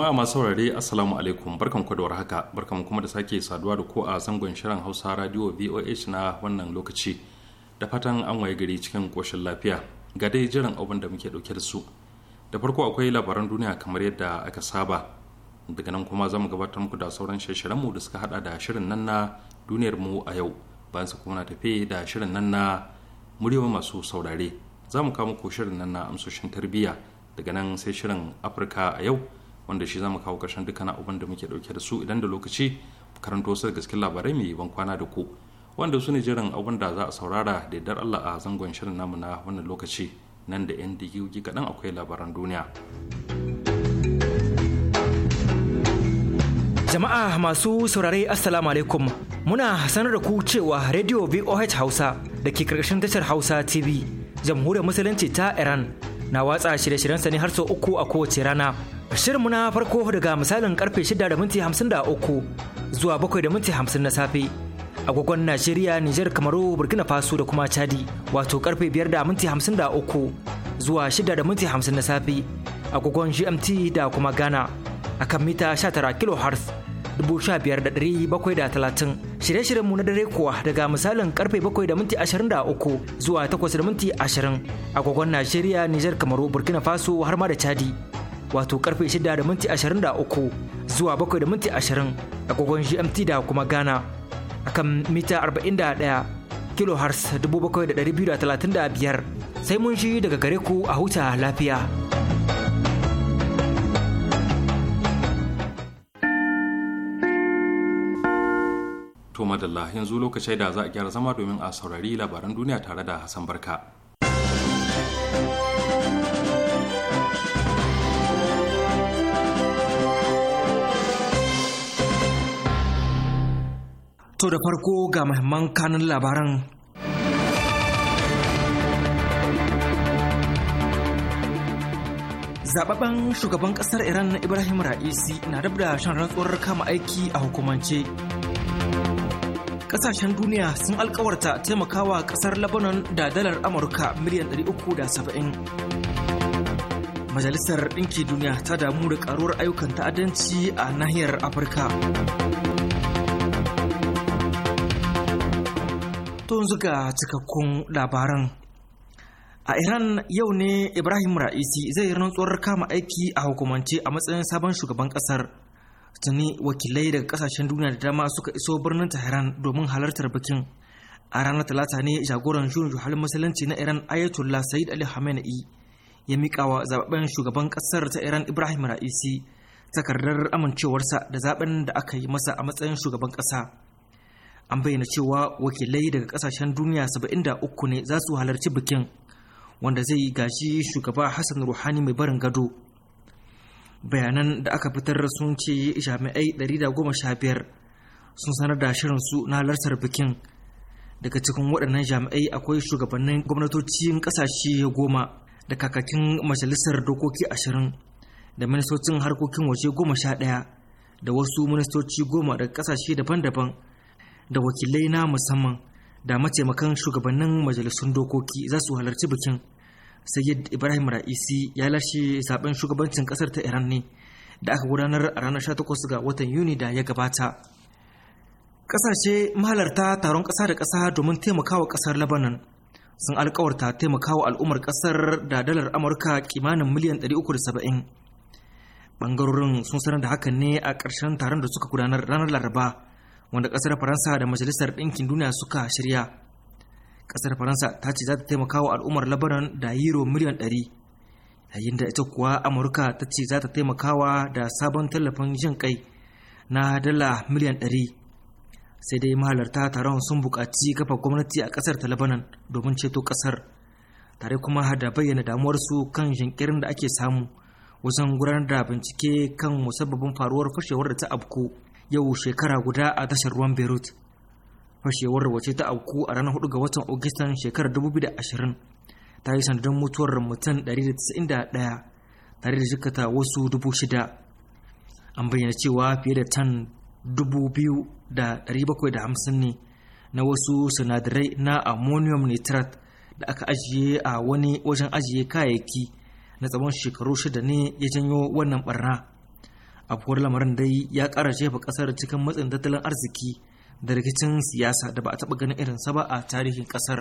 jama'a masu saurare assalamu alaikum barkan ku da warhaka barkan kuma da sake saduwa da ku a zangon shirin hausa radio voh na wannan lokaci da fatan an waye gari cikin koshin lafiya ga dai jiran abin da muke dauke da su da farko akwai labaran duniya kamar yadda aka saba daga nan kuma zamu gabatar muku da sauran shirye mu da suka hada da shirin nan na duniyar mu a yau bayan su kuma na tafe da shirin nan na muryoyi masu saurare zamu mu kawo muku shirin nan na amsoshin tarbiyya daga nan sai shirin afirka a yau wanda shi zama kawo ƙarshen dukkan abin da muke ɗauke da su idan da lokaci karanto su da gaskin labarai mai ban kwana da ku wanda su ne jiran abin da za a saurara da yardar Allah a zangon shirin namu na wannan lokaci nan da 'yan digiyoyi kaɗan akwai labaran duniya. Jama'a masu saurare Assalamu alaikum muna sanar da ku cewa Radio VOH Hausa da ke karkashin tashar Hausa TV jamhuriyar musulunci ta Iran na watsa shirye shiryen sa ne har sau uku a kowace rana Shirinmu na farko daga misalin karfe 6:53 da minti zuwa 7:50 da minti na safe. Agogon Najeriya, Nijar, Kamaru, Burkina Faso da kuma Chadi wato karfe 5:53 da minti zuwa 6:50 da minti na safe. Agogon GMT da kuma Ghana a kan mita 19 kHz talatin. shirye-shiryenmu na dare kuwa daga misalin karfe bakwai da minti ashirin da uku zuwa takwas da minti ashirin agogon Najeriya, Nijar, Kamaru, Burkina Faso har ma da Chadi. wato karfe 6 da minti 23 zuwa 7:20 da minti 20 agogon GMT da kuma Ghana akan mita 41 kilohertz 7235 sai mun shi daga gare ku a huta lafiya. To madalla yanzu lokacin da za a gyara zama domin a saurari labaran duniya tare da Hassan Barka. To da farko ga mahimman kanun labaran. Zababben shugaban kasar Iran Ibrahim Ra'isi na dab da shan rantsuwar kama aiki a hukumance. Kasashen duniya sun alkawarta taimakawa kasar Lebanon da dalar Amurka miliyan 370. Majalisar Ɗinki Duniya ta damu da ƙaruwar ayyukan ta'addanci a nahiyar Afirka. To yanzu ga cikakkun labaran. A Iran yau ne Ibrahim Ra'isi zai yi rantsuwar kama aiki a hukumance a matsayin sabon shugaban kasar. Tuni wakilai daga kasashen duniya da dama suka iso birnin Tehran domin halartar bikin. A ranar Talata ne jagoran shirin juhalin musulunci na Iran Ayatollah Said Ali Khamenei ya miƙa wa zaɓen shugaban ƙasar ta Iran Ibrahim Ra'isi takardar amincewarsa da zaɓen da aka yi masa a matsayin shugaban ƙasa. an bayyana cewa wakilai daga kasashen duniya 73 ne za su halarci bikin wanda zai gaji shugaba hassan ruhani mai barin gado bayanan da aka fitar sun ce jami'ai 115 sun sanar da shirinsu na halartar bikin daga cikin waɗannan jami'ai akwai shugabannin gwamnatocin ƙasashe goma da kakakin majalisar dokoki ashirin da ministocin harkokin waje goma sha ɗaya da wasu ministoci goma daga ƙasashe daban-daban da wakilai na musamman da mataimakan shugabannin majalisun dokoki za su halarci bikin sayyid ibrahim ra'isi ya lashe zaben shugabancin kasar ta iran ne da aka gudanar a ranar 18 ga watan yuni da ya gabata kasashe mahalarta taron kasa da kasa domin taimakawa kasar lebanon sun alkawarta taimakawa al'ummar kasar da dalar amurka kimanin miliyan 370 bangarorin sun sanar da hakan ne a ƙarshen taron da suka gudanar ranar laraba wanda kasar faransa da majalisar ɗinkin duniya suka shirya ƙasar faransa ta ce za ta taimaka wa al'ummar labaran da euro miliyan ɗari yayin da ita kuwa amurka ta ce za ta taimakawa da sabon tallafin jin kai na dala miliyan ɗari sai dai mahalarta taron sun buƙaci kafa gwamnati a ƙasar ta labanan domin ceto ƙasar tare kuma da bayyana damuwarsu kan jinkirin da ake samu wajen gudanar da bincike kan musabbabin faruwar fashewar da ta abu. yau shekara guda a tashar ruwan beirut fashewar wace ta auku a ranar 4 ga watan ogistan shekarar 2020 ta yi sanadin mutuwar mutum 191 tare da jikata wasu 6,000 an bayyana cewa fiye da tan 2,750 ne na wasu sinadarai na ammonium nitrate da aka ajiye a wani wajen ajiye kayayyaki na tsawon shekaru shida ne ya janyo wannan barna Abuwar lamarin dai ya kara jefa kasar cikin matsin tattalin arziki da rikicin siyasa da ba a taɓa ganin irinsa ba a tarihin kasar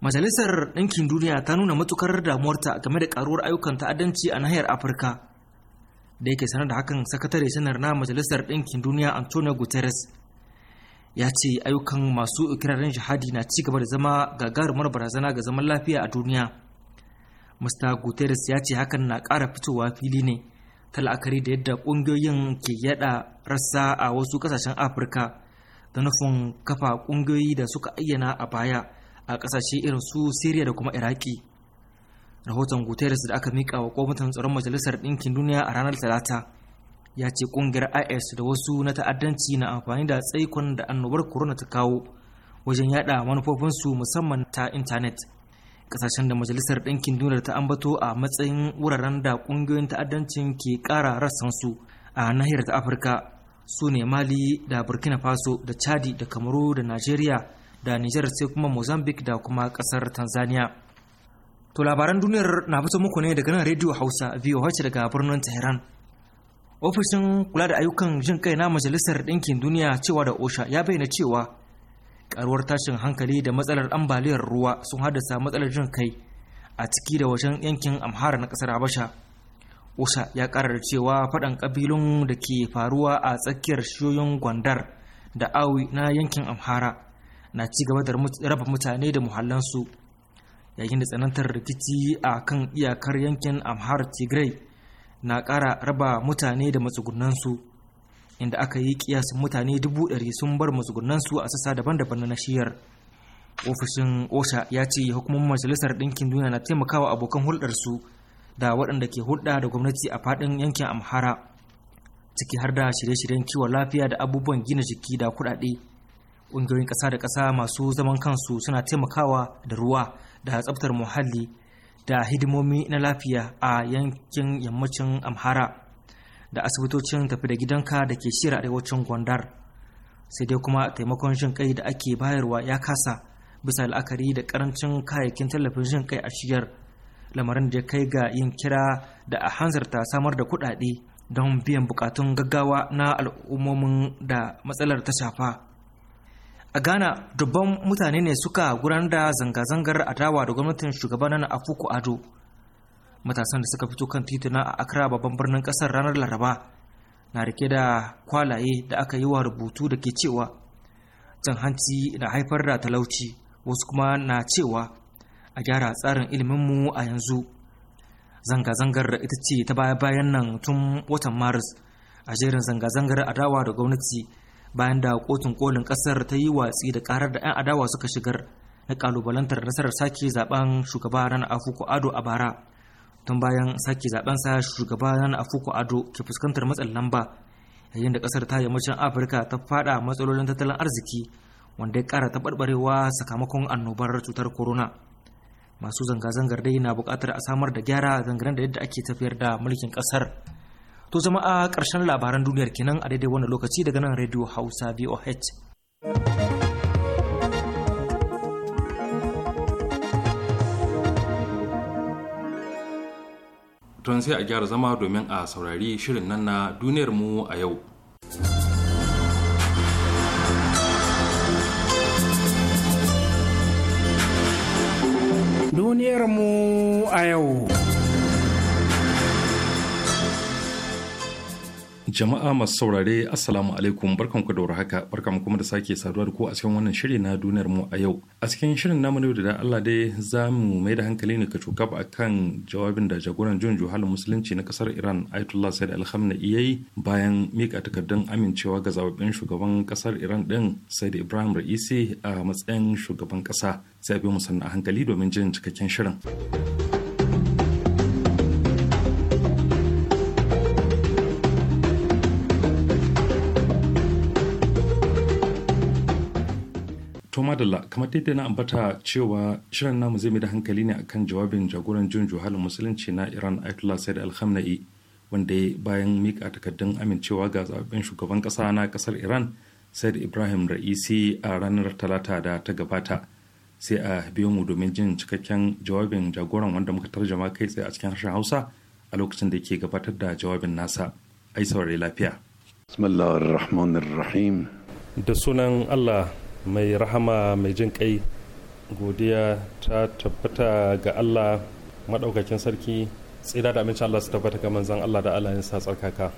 majalisar ɗinkin duniya ta nuna matukar damuwarta game da karuwar ayyukan ta'addanci a nahiyar afirka da yake sanar da hakan sakatare sanar na majalisar ɗinkin duniya antonio guterres ya ce ayyukan masu ikirarin jihadi na ci gaba da zama gagarumar barazana ga zaman lafiya a duniya mr guterres ya ce hakan na ƙara fitowa fili ne ta la'akari da yadda ƙungiyoyin ke yada rassa a wasu ƙasashen afirka da nufin kafa ƙungiyoyi da suka ayyana a baya a ƙasashe irin su siriya da kuma iraki rahoton guterres da aka mika wa kwamitin tsaron majalisar ɗinkin duniya a ranar talata ya ce ƙungiyar is da wasu na ta'addanci na amfani da tsaikon da annobar corona ta kawo wajen yada manufofinsu musamman ta intanet kasashen da majalisar ɗinkin duniya ta ambato a matsayin wuraren da ƙungiyoyin ta'addancin ke ƙara rassan su a nahiyar ta afirka su ne mali da burkina faso da chadi da kamaru da nigeria da nijar sai kuma mozambique da kuma ƙasar tanzania to labaran duniyar na fito muku ne daga nan rediyo hausa voh daga birnin tehran ofishin kula da ayyukan jin kai na majalisar ɗinkin duniya cewa da osha ya bayyana cewa karuwar tashin hankali da matsalar ambaliyar ruwa sun haddasa matsalar jin kai a ciki da wajen yankin amhara na kasar habasha usa ya kara da cewa faɗan ƙabilun da ke faruwa a tsakiyar shiyoyin gwandar da awi na yankin amhara na ci gaba da raba mutane da muhallansu yayin da tsanantar rikici a kan iyakar yankin amhara tigray na ƙara raba mutane da matsugunansu inda aka yi kiyasin mutane dubu ɗari sun bar su a sassa daban-daban na shiyar ofishin osha ya ce hukumomin majalisar ɗinkin duniya na taimakawa abokan su da waɗanda ke hulɗa da gwamnati a faɗin yankin amhara ciki har da shirye-shiryen kiwon lafiya da abubuwan gina jiki da kuɗaɗe ƙungiyoyin ƙasa da ƙasa masu zaman kansu suna taimakawa da ruwa da tsaftar muhalli da hidimomi na lafiya a yankin yammacin amhara da asibitocin tafi da gidanka da ke shira arewacin gwandar sai dai kuma taimakon jin kai da ake bayarwa ya kasa bisa la'akari da karancin kayayyakin tallafin jin kai a shiyar lamarin da ya kai ga yin kira da a hanzarta samar da kuɗaɗe don biyan bukatun gaggawa na al'ummomin da matsalar ta shafa a ghana dubban mutane ne suka gudanar da zanga-zangar adawa da gwamnatin shugabanin afuku ado matasan da suka fito kan tituna a Accra babban birnin kasar ranar Laraba na rike da kwalaye da aka yi wa rubutu da ke cewa can hanci na haifar da talauci wasu kuma na cewa a gyara tsarin iliminmu a yanzu zanga-zangar ita ce ta baya-bayan nan tun watan maris a jerin zanga-zangar adawa da gwamnati bayan da kotun kolin kasar ta yi watsi da karar da 'yan adawa suka shigar na kalubalantar nasarar sake zaben shugaba ranar afuku ado a bara tun bayan sake zabensa shugaba a afuku ado ke fuskantar matsin lamba yayin da kasar ta yammacin afirka ta fada matsalolin tattalin arziki wanda ya kara taɓarɓarewa sakamakon annobar cutar corona masu zanga-zangar dai na buƙatar a samar da gyara zangaren da yadda ake tafiyar da mulkin kasar to zama a ƙarshen labaran duniyar kenan a daidai wannan lokaci daga nan radio hausa voh tun sai a gyara zama domin a saurari shirin nan na duniyar mu a yau. Duniyar mu a yau. Jama'a masu saurare Assalamu alaikum barkanku da haka mu kuma da sake saduwa da ku a cikin wannan shiri na duniyar mu a yau. A cikin shirin namu ne da Allah dai za mu mai da hankali ne ka a kan jawabin da jagoran jun juhalin musulunci na kasar Iran Ayatollah Said Al-Khamenei yayi bayan mika takardun amincewa ga zababben shugaban kasar Iran din Said Ibrahim Ra'isi a matsayin shugaban kasa. Sai a bi mu sannan a hankali domin jin cikakken shirin. madalla kamar dai na ambata cewa shirin namu zai mai da hankali ne akan jawabin jagoran jin juhalin musulunci na iran ayatollah said alhamna'i wanda ya bayan mika takardun amincewa ga zaben shugaban kasa na kasar iran said ibrahim ra'isi a ranar talata da ta gabata sai a biyo mu domin jin cikakken jawabin jagoran wanda muka tarjama kai tsaye a cikin harshen hausa a lokacin da ke gabatar da jawabin nasa ai saurari lafiya da sunan allah mai rahama mai jin kai godiya ta tabbata ga allah maɗaukakin sarki tsira da amincin allah su tabbata ga manzan allah da allah sa tsarkaka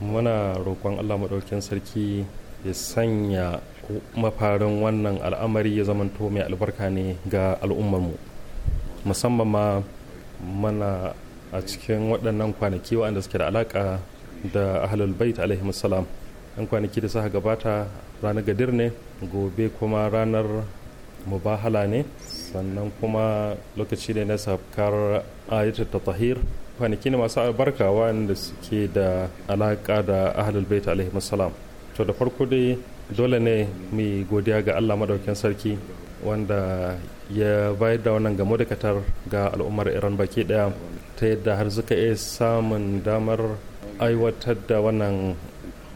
muna roƙon allah maɗaukakin sarki ya sanya mafarin wannan al'amari ya zamanto mai albarka ne ga al'ummarmu musamman ma mana a cikin waɗannan kwanaki waɗanda suke da alaƙa da ahlul bait alaihi salam 'yan kwanaki da suka gabata ranar gadir ne gobe kuma ranar mubahala ne sannan kuma lokaci ne na sabkar ayatul tahir kwanaki ne masu albarka wanda suke da alaƙa da ahlul bait alaihi salam to da farko dai dole ne mai godiya ga Allah madaukin sarki wanda ya bayar da wannan ga da ga al'ummar iran baki daya ta yadda har suka iya samun damar aiwatar da wannan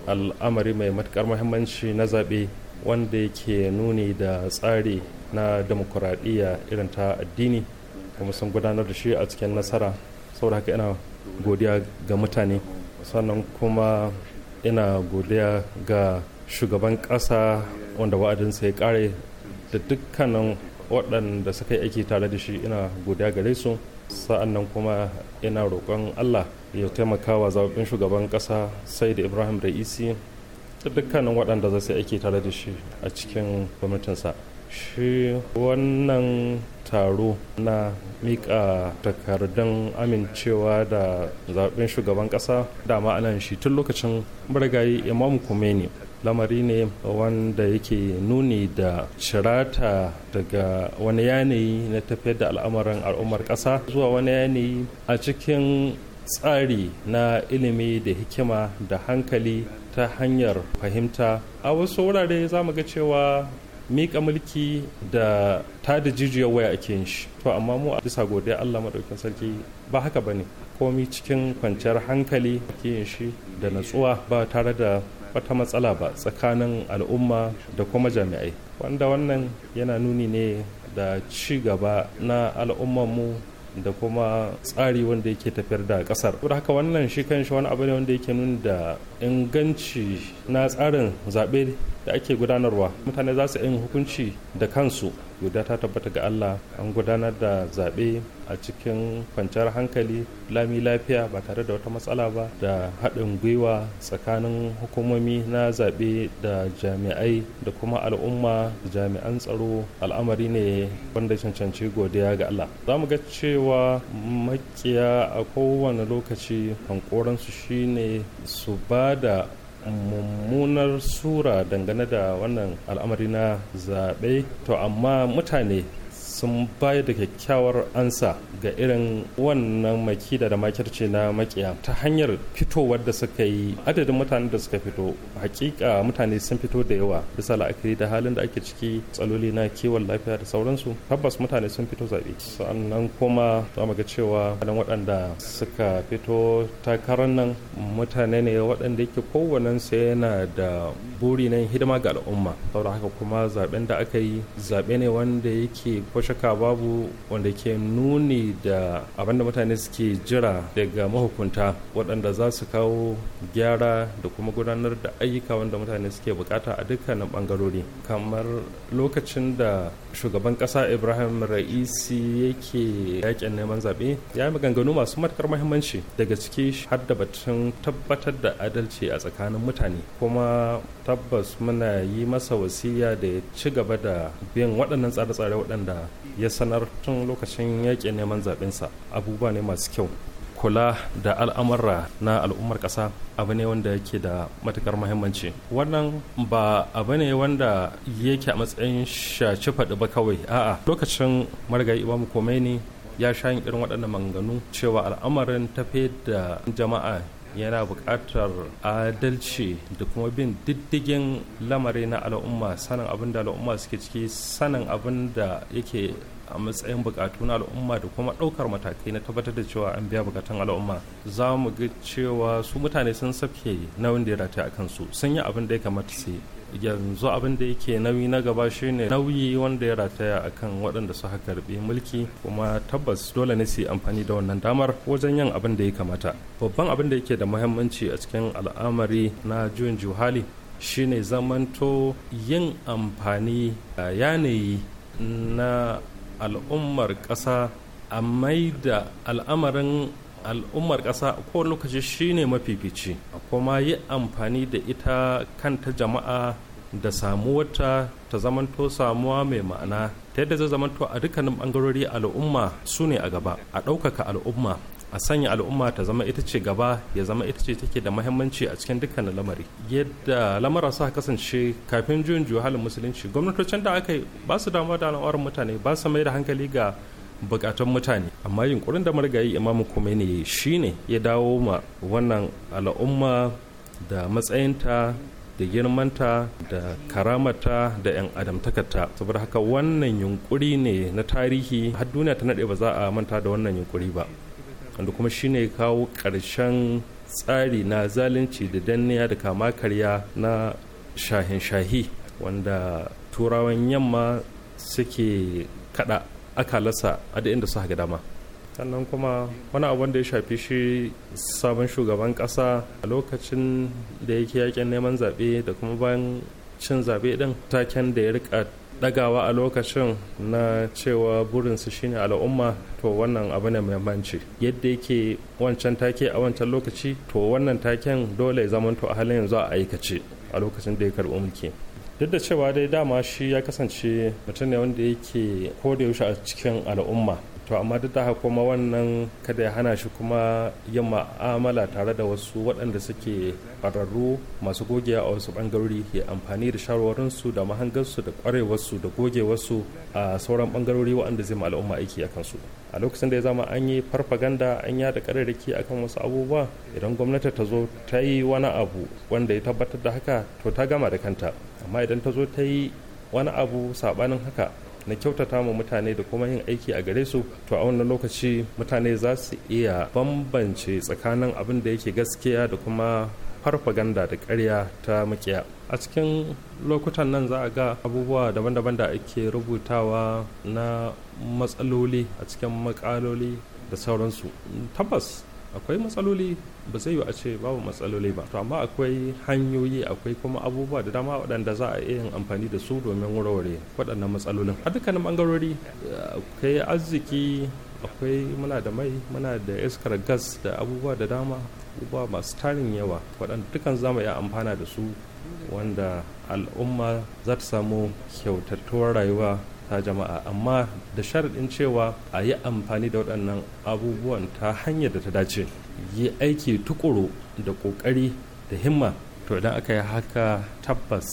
al'amari mai matukar muhimmanci na zaɓe wanda yake nuni da tsari na demokuraɗiyya irin ta addini kuma sun gudanar da shi a cikin nasara saboda haka ina godiya ga mutane sannan kuma ina godiya ga shugaban ƙasa wanda wa'adinsa ya ƙare da dukkanin waɗanda suka yi aiki tare da shi ina godiya gare su sa'annan kuma ina roƙon allah ya taimakawa zaɓaɓɓen shugaban ƙasa sai da ibrahim ra'isi da dukkanin waɗanda zai su aiki tare da shi a cikin gwamnatinsa shi wannan taro na miƙa takardun amincewa da zaɓen shugaban ƙasa da ma'anan shi tun lokacin bargayi imam kumeni lamari ne wanda yake nuni da cirata daga wani yanayi na tafiyar da al'amarin al'ummar ƙasa zuwa wani yanayi a cikin tsari na ilimi da hikima da hankali ta hanyar fahimta a wasu wurare za mu ga cewa mika mulki da ta da jijiyar waya ake yin shi to amma mu a bisa godiya Allah maɗaukin sarki ba haka ba ne. komi cikin kwanciyar hankali ake yin shi da natsuwa ba tare da wata matsala ba tsakanin al'umma da kuma jami'ai wanda wannan yana nuni ne da ci gaba na al'ummarmu da kuma tsari wanda yake tafiyar da kasar saboda haka wannan shi shi wani abu ne wanda yake nuna da inganci na tsarin zaɓe da ake gudanarwa mutane za su yi hukunci da kansu yadda ta tabbata ga allah an gudanar da zaɓe a cikin kwanciyar hankali lami lafiya ba tare da wata matsala ba da haɗin gwiwa tsakanin hukumomi na zaɓe da jami'ai da kuma al'umma da jami'an tsaro al'amari ne wanda cancanci godiya ga allah za mu ga cewa makiya a kowane lokaci hankoransu shine su ba da mummunar sura dangane da wannan al'amari na zaɓe to amma mutane sun bayar da kyakkyawar ansa ga irin wannan makida da makirce na makiya ta hanyar fitowar da suka yi adadin mutanen da suka fito hakika mutane sun fito da yawa bisa la'akari da halin da ake ciki tsaloli na kiwon lafiya da sauransu tabbas mutane sun fito zaɓe sannan kuma za mu ga cewa dan waɗanda suka fito takarar nan mutane ne waɗanda yake kowanensa yana da buri na hidima ga al'umma saboda haka kuma zaɓen da aka yi zaɓe ne wanda yake kwashe shakka babu wanda ke nuni da abinda mutane suke jira daga mahukunta waɗanda za su kawo gyara da kuma gudanar da ayyuka wanda mutane suke bukata a dukkanin bangarori kamar lokacin da shugaban ƙasa ibrahim ra'isi yake yakin neman zaɓe ya yi maganganu masu matukar muhimmanci daga ciki har da batun tabbatar da adalci a tsakanin mutane kuma tabbas muna yi masa wasiya da ya ci gaba da bin waɗannan tsare-tsare waɗanda ya sanar tun lokacin yaƙi neman zaɓensa abubuwa ne masu kyau kula da al'amara na al'ummar ƙasa abu ne wanda yake da matukar muhimmanci wannan ba abu ne wanda yake a matsayin shaci faɗi ba kawai a'a lokacin marigayi komai ne ya sha yin irin waɗannan manganu cewa al'amarin tafe da jama'a yana buƙatar adalci da kuma bin diddigin lamari na al'umma sanin abin da al'umma suke ciki sanin abin da yake a matsayin buƙatu na al'umma da kuma ɗaukar matakai na tabbatar da cewa an biya buƙatun al'umma za mu ga cewa su mutane sun sauke nauyin da ya rataya a kansu sun yi abin da ya kamata su yanzu abin da yake nauyi na gaba shine nauyi wanda ya rataya a kan waɗanda suka karɓi mulki kuma tabbas dole ne su amfani da wannan damar wajen yin abin da ya kamata babban abin da yake da muhimmanci a cikin al'amari na juyin juhali shine zamanto yin amfani da yanayi na al'ummar ƙasa a maida al'amarin al'ummar ƙasa ko lokaci shine mafifici a kuma yi amfani da ita kanta jama'a da samuwarta ta zamanto samuwa mai ma'ana ta yadda zai zamanto a dukkanin bangarori al'umma su ne a gaba a ɗaukaka al'umma a sanya al'umma ta zama ita ce gaba ya zama ita ce take da mahimmanci a cikin dukkanin lamari yadda lamara sa kasance kafin juyin halin musulunci gwamnatocin da aka yi ba su damuwa da al'amuran mutane ba su mai da hankali ga bukatun mutane amma yunkurin da marigayi imamu Khomeini ne ya dawo ma wannan al'umma da matsayinta da girmanta da karamata da 'yan adamtakarta saboda haka wannan yunkuri ne na tarihi har duniya ta naɗe ba za a manta da wannan yunkuri ba wanda kuma shi ne kawo ƙarshen tsari na zalunci da danniya da kama karya na shahin shahi wanda turawan yamma suke kada akalarsa a da inda su haka dama sannan kuma wani abun da ya shafi shi sabon shugaban kasa a lokacin da yake yakin neman zaɓe da kuma bayan cin zaɓe ɗin taken da ya rika ɗagawa a lokacin na cewa burinsu shine al'umma to wannan abu ne muhimmanci yadda yake wancan take a wancan lokaci to wannan taken dole zamanto a halin yanzu a aikace a lokacin da ya karɓi mulki duk da cewa dai dama shi ya kasance mutum ne wanda yake da yaushe a cikin al'umma to amma duk da haka kuma wannan kada ya hana shi kuma yin ma'amala tare da wasu waɗanda suke ƙwararru masu gogewa a wasu ɓangarori ya amfani da shawarwarinsu da mahangarsu da ƙwarewarsu da gogewarsu a sauran ɓangarori waɗanda zai ma al'umma aiki a kansu a lokacin da ya zama an yi farfaganda an da ƙararraki akan wasu abubuwa idan gwamnati ta zo ta yi wani abu wanda ya tabbatar da haka to ta gama da kanta amma idan ta zo ta yi wani abu saɓanin haka na kyautata ma mutane da kuma yin aiki a gare su to a wannan lokaci mutane za su iya bambance tsakanin abin da yake gaskiya da kuma farfaganda da ƙarya ta makiya a cikin lokutan nan za a ga abubuwa daban-daban da ake rubutawa na matsaloli a cikin makaloli da sauransu tabbas akwai matsaloli ba zai yi a ce babu matsaloli ba to amma akwai hanyoyi akwai kuma abubuwa da dama waɗanda za a iya yin amfani da su domin warware waɗannan matsalolin a dukkanin ɓangarori akwai arziki akwai muna da mai muna da iskar gas da abubuwa da dama abubuwa masu tarin yawa waɗanda dukkan za mu iya amfana da su wanda al'umma za ta samu kyautattuwar rayuwa ta jama'a amma da sharaɗin cewa a yi amfani da waɗannan abubuwan ta hanyar da ta dace yi aiki tukuru da ƙoƙari da himma to idan aka yi haka tabbas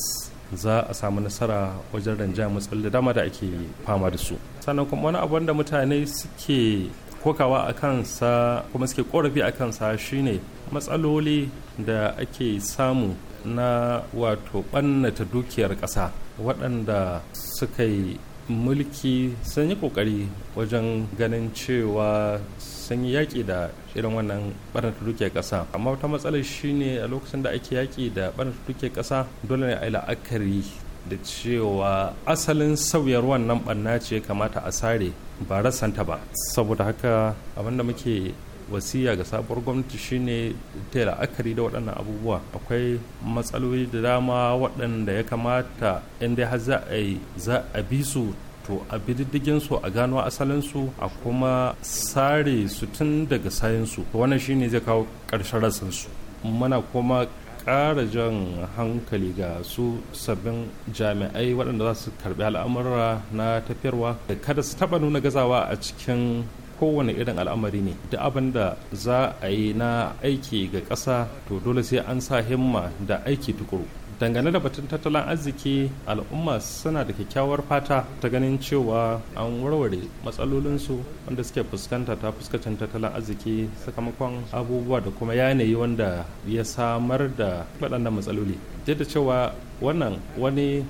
za a samu nasara wajen ranja matsaloli da dama da ake fama da su sannan kuma wani abu da mutane suke kokawa a kansa kuma suke korafi a kansa shine matsaloli da ake samu na wato ɓannata dukiyar ƙasa waɗanda suka yi mulki sun yi kokari wajen ganin cewa sun yi yaƙi da irin wannan barnata duke ƙasa amma wata matsalar shine a lokacin da ake yaƙi da barnata duke ƙasa dole ne a yi la'akari da cewa asalin sauyar wannan barna ce kamata a sare ba rasanta ba saboda haka abinda muke wasiya ga sabuwar gwamnati shine ta la'akari da waɗannan abubuwa akwai matsaloli da dama waɗanda ya kamata inda har za a yi za a bi su to a bididdigin su a gano asalin su a kuma sare su tun daga su wannan shine zai kawo ƙarshen su mana kuma ƙara jan hankali ga su sabbin jami'ai waɗanda za su karbi al'amura na tafiyarwa da kada su taɓa nuna gazawa a cikin kowane irin al'amari ne duk abin da za a yi na aiki ga ƙasa to dole sai an sa himma da aiki tukuru dangane da batun tattalin arziki al'umma suna da kyakkyawar fata ta ganin cewa an warware matsalolinsu wanda suke fuskanta ta fuskacin tattalin arziki sakamakon abubuwa da kuma yanayi wanda ya samar da waɗannan matsaloli duk da cewa wannan wani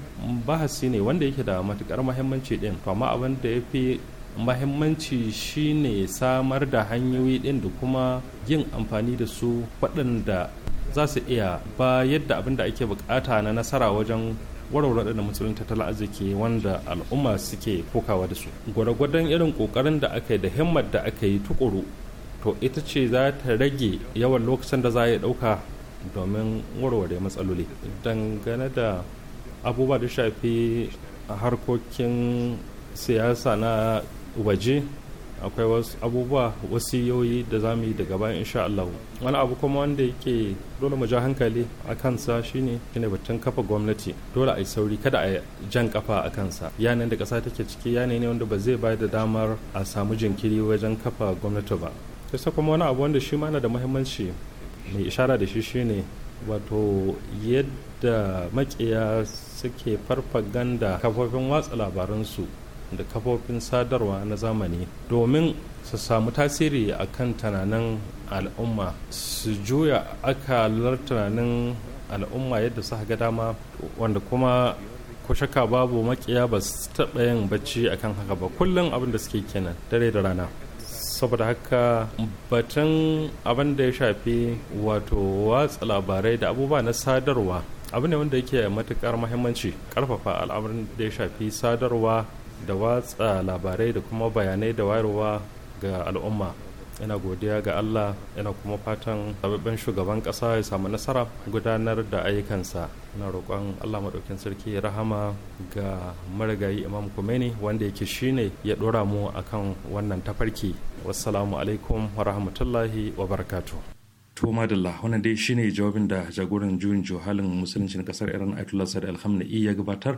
bahasi ne wanda yake da matukar muhimmanci din to amma abin da ya fi mahimmanci shine samar da hanyoyi ɗin da kuma yin amfani da su waɗanda za su iya ba yadda abin da ake bukata na nasara wajen warware da matsalolin tattalin arziki wanda al'umma suke kokawa da su gwargwadon irin kokarin da aka yi da himmar da aka yi tukuru to ita ce za ta rage yawan lokacin da za a yi ɗauka domin warware matsaloli dangane da abubuwa da shafi harkokin siyasa na waje akwai wasu abubuwa wasiyoyi da za mu yi daga bayan insha Allah wani abu kuma wanda yake dole mu ja hankali a kansa shine shine batun kafa gwamnati dole a yi sauri kada a jan kafa a kansa yanayin da kasa take ciki yanayi ne wanda ba zai bayar da damar a samu jinkiri wajen kafa gwamnati ba kusa kuma wani abu wanda shi ma na da muhimmanci mai ishara da shi shine wato yadda makiya suke farfaganda kafofin watsa labaransu da kafofin sadarwa na zamani domin su samu tasiri a kan tunanin al'umma su juya akalar tunanin al'umma yadda su ga dama wanda kuma ko shaka babu makiya ba su taɓa yin bacci akan haka ba kullum abin da suke kenan dare da rana saboda haka batun abin da ya shafi wato watsa labarai da abubuwa na sadarwa abu ne wanda yake matukar muhimmanci ƙarfafa al'amarin da ya shafi sadarwa da watsa labarai da kuma bayanai da wayarwa ga al'umma ina godiya ga allah ina kuma fatan sababben shugaban kasa ya samu nasara gudanar da ayyukansa ina roƙon allah maɗaukin sarki ya rahama ga marigayi imam kumeni wanda yake shine ya ɗora mu akan wannan tafarki wassalamu alaikum wa rahmatullahi wa barakatu to madalla wannan dai shine jawabin da jagoran juyin johalin musulunci na kasar iran ayatollah sa'ad alhamdi ya gabatar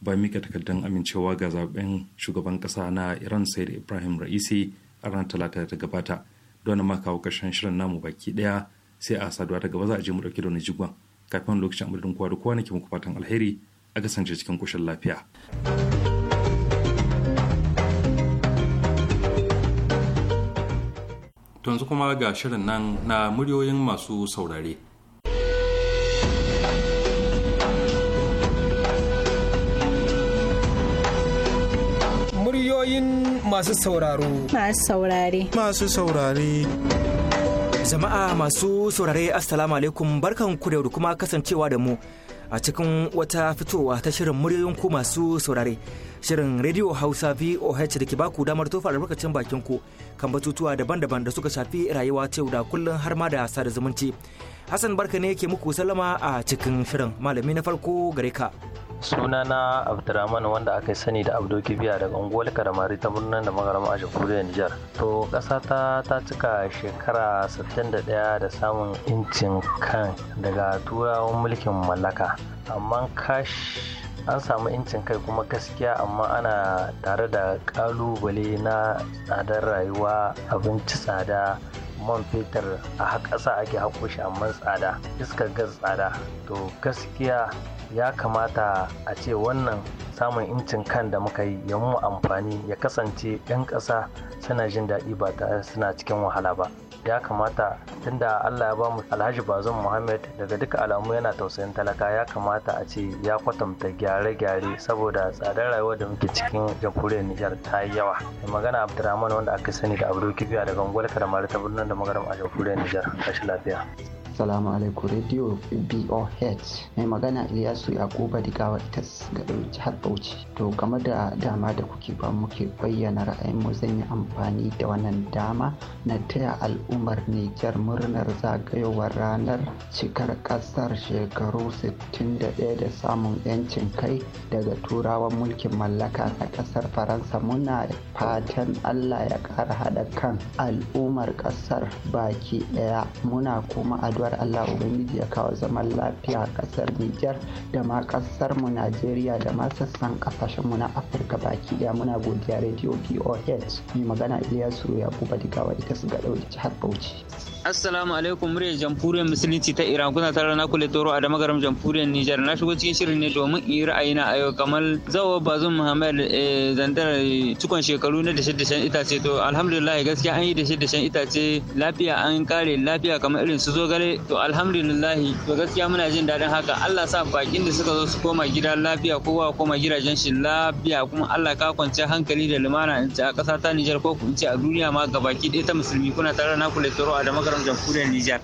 ba mika takardar amincewa ga zaben shugaban kasa na iran sai da ibrahim ra'isi a ranar talata ta gabata don ma kawo ƙarshen shirin namu baki daya sai a saduwa ta gaba za a je mu ɗauki da wani jigon kafin lokacin amurin kowa da kowa nake muku fatan alheri a kasance cikin kushin lafiya. yanzu kuma ga shirin nan na muryoyin masu saurare. masu sauraro. Masu saurare. Masu saurare. Jama'a masu saurare Assalamu alaikum barkan ku da kuma kasancewa da mu a cikin wata fitowa ta shirin muryoyin ku masu saurare. Shirin Radio Hausa VOH da ke baku damar tofa albarkacin bakin ku kan batutuwa daban-daban da suka shafi rayuwa ta yau da kullum har ma da sada zumunci. Hassan barka ne yake muku salama a cikin shirin malami na farko gare ka. suna sunana abdurrahman wanda aka sani da abdo kibiya daga unguwar karamari ta murnan da magarama a da nijar to ƙasa ta ta cika shekara 61 da samun incin kan daga turawan mulkin mallaka amma kash an samu incin kai kuma gaskiya amma ana tare da kalubale na tsadar rayuwa abinci tsada man fetur a ƙasa ake haƙo shi amma tsada iskar gas tsada to gaskiya ya kamata a ce wannan samun incin kan da muka yi ya mu amfani ya kasance 'yan ƙasa suna jin daɗi ba tare suna cikin wahala ba ya kamata tunda Allah ya bamu Alhaji Bazum Muhammad daga duka alamu yana tausayin talaka ya kamata a ce ya kwatanta gyare-gyare saboda tsadar rayuwar da muke cikin jamhuriyar Nijar ta yi yawa. Magana Abdurrahman wanda aka sani da Abdul Kibiya daga Ungwal Karamar ta birnin da magaram a jamhuriyar Nijar. Kashi lafiya. Assalamu alaikum Radio BOH. Mai magana Ilyasu Yakuba daga ita garin jihar Bauchi. To game da dama da kuke ba muke bayyana ra'ayinmu zan yi amfani da wannan dama na taya al'ummar Nijar murnar zagayowar ranar cikar ƙasar shekaru 61 da samun 'yancin kai daga turawan mulkin mallaka a ƙasar Faransa muna fatan Allah ya ƙara haɗa kan al'ummar ƙasar baki ɗaya muna kuma addu'a addu'ar Allah Ubangiji ya kawo zaman lafiya a ƙasar Nijar da ma ƙasar mu Najeriya da ma sassan ƙasashen mu na Afirka baki daya muna godiya Radio POH mai magana Ilyasu Yakuba Digawa ita su ga ɗauki jihar Bauchi. Assalamu alaikum muryar jamhuriyar musulunci ta Iran kuna tara na kule toro a damagaram jamhuriyar Nijar na shigo cikin shirin ne domin in yi ra'ayina a yau kamar zawo bazum Muhammad eh, zandar eh, cikon shekaru na dashe dashen itace to alhamdulillah gaskiya an yi dashe dashen itace lafiya an kare lafiya kamar irin su zogale to alhamdulillahi to gaskiya muna jin daɗin haka Allah sa bakin da suka zo su koma gida lafiya kowa koma gidajen shi lafiya kuma Allah ka kwance hankali da lumana in ce a ƙasa ta Nijar ko in ce a duniya ma gabaki ɗaya ta musulmi kuna tare na kula tsaro a da makarantar jamhuriyar Nijar.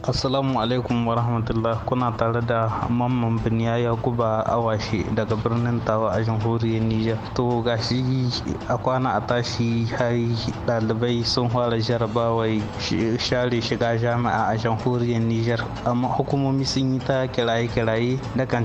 Assalamu alaikum warahmatullah kuna tare da mamman biniya ya guba awashi daga birnin tawa a jamhuriyar Nijar. To gashi a kwana a tashi har dalibai sun fara jarabawai share shiga jami'a a jamhuriyar Nijar. Amma hukumomi sun yi ta kiraye-kiraye da kan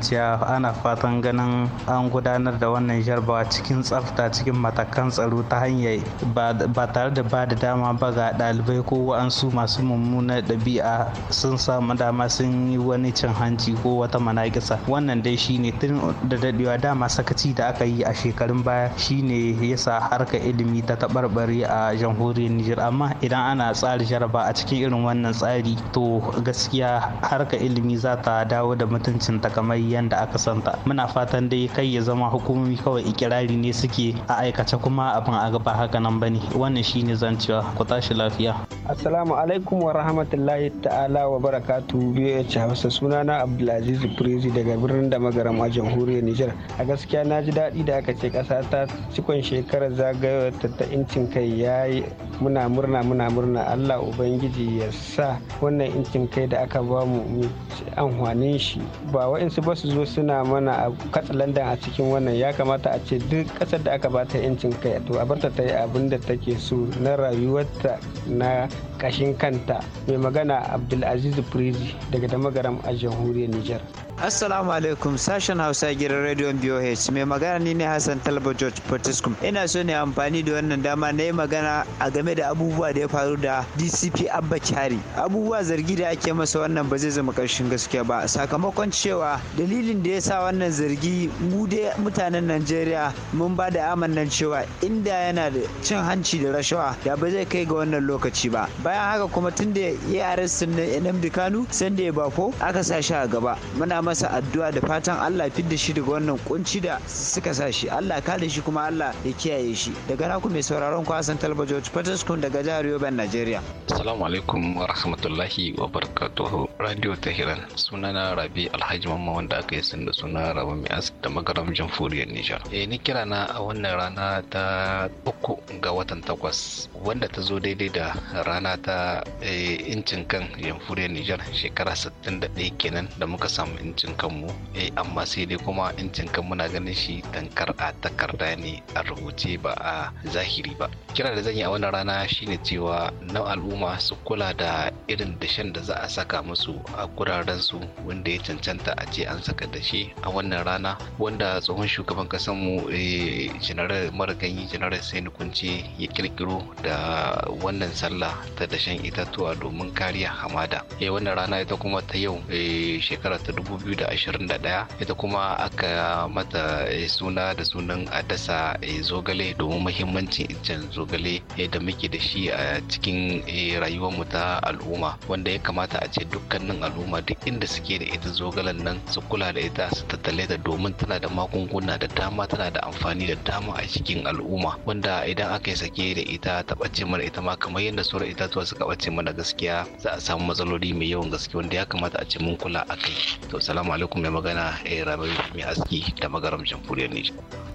ana fatan ganin an gudanar da wannan jarabawa cikin tsafta cikin matakan tsaro ta hanyar ba tare da ba da dama ba ga ɗalibai ko wa'ansu masu mummunar ɗabi'a sun samu dama sun yi wani cin hanci ko wata manakisa wannan dai shine tun da dadewa dama sakaci da aka yi a shekarun baya shine sa harkar ilimi ta tabarbare a jamhuriyar Nijar amma idan ana tsari jaraba a cikin irin wannan tsari to gaskiya harkar ilimi za ta dawo da mutuncin ta kamar yadda aka santa muna fatan dai kai ya zama hukumomi kawai ikirari ne suke a aikace kuma abin a gaba haka nan bane wannan shine zancewa ku tashi lafiya assalamu alaikum wa rahmatullahi ta'ala Allah wa barakatu BH Hausa sunana Abdulaziz Prezi daga birnin da magaram a jamhuriyar Nijar. A gaskiya na ji daɗi da aka ce ƙasa ta cikon shekarar zagayowar ta incin kai ya yi muna murna muna murna Allah Ubangiji ya sa wannan incin kai da aka ba mu amfanin shi ba wa'insu ba su zo suna mana a landan a cikin wannan ya kamata a ce duk ƙasar da aka bata incin kai to a barta ta yi abin da take so na rayuwarta na ƙashin kanta mai magana Abdul abdulaziz prezi daga damagaram a jamhuriyar Nijar. Assalamu alaikum sashen Hausa gidan rediyon BOH mai magana ni ne Hassan Talba George Potiskum Ina so ne amfani da wannan dama na yi magana a game da abubuwa da ya faru da DCP Abba Kyari. Abubuwa zargi da ake masa wannan ba zai zama ƙarshen gaskiya ba sakamakon cewa dalilin da ya sa wannan zargi mu dai mutanen Najeriya mun ba da amannan cewa inda yana da cin hanci da rashawa da ba zai kai ga wannan lokaci ba. Bayan haka kuma tun da ya yi arrestin na Nnamdi Kanu sanda ya bafo aka sa shi a gaba. Muna masa addu'a da fatan Allah da shi daga wannan kunci da suka sa shi Allah kare shi kuma Allah ya kiyaye shi daga naku mai sauraron ku Hassan Talba George Fataskun daga jihar Yobe Najeriya Assalamu alaikum wa rahmatullahi wa barakatuhu Radio Tahiran sunana Rabi Alhaji mamman wanda aka yi sun da suna Rabi mai as da magaram jamhuriyar Nijar eh ni kira na a wannan rana ta uku ga watan takwas wanda ta zo daidai da rana ta eh, incin kan jamhuriyar Nijar shekara 61 kenan da muka samu incin kanmu eh amma sai dai kuma incin kanmu na ganin shi tankar a takarda ne a rubuce ba a zahiri ba kira da zan yi a wannan rana shine cewa na al'umma su kula da irin dashen da za a saka musu a guraren su wanda ya cancanta a ce an saka dashe a wannan rana wanda tsohon shugaban kasan mu eh, general marigayi general sani kunce ya kirkiro da wannan sallah ta dashen itatuwa domin kariya hamada eh wannan rana ita kuma ta yau eh, shekara ta dubu 2021 ita kuma aka mata eh, suna da sunan a dasa eh, zogale domin muhimmancin iccen zogale eh, da muke da shi a cikin rayuwarmu ta al'umma wanda ya kamata a ce dukkanin al'umma duk inda suke da ita zogalen nan su kula da ita su tattale ta domin tana da magunguna da dama tana da amfani da dama a cikin al'umma wanda idan aka yi sake da ita ta ɓace mana ita ma kamar yadda sauran itatuwa suka ɓace mana gaskiya za a samu matsaloli mai yawan gaske wanda ya kamata a ce mun kula a kai to Assalamu alaikum mai magana eh Rabi mai aski da magaram jamhuriyar ne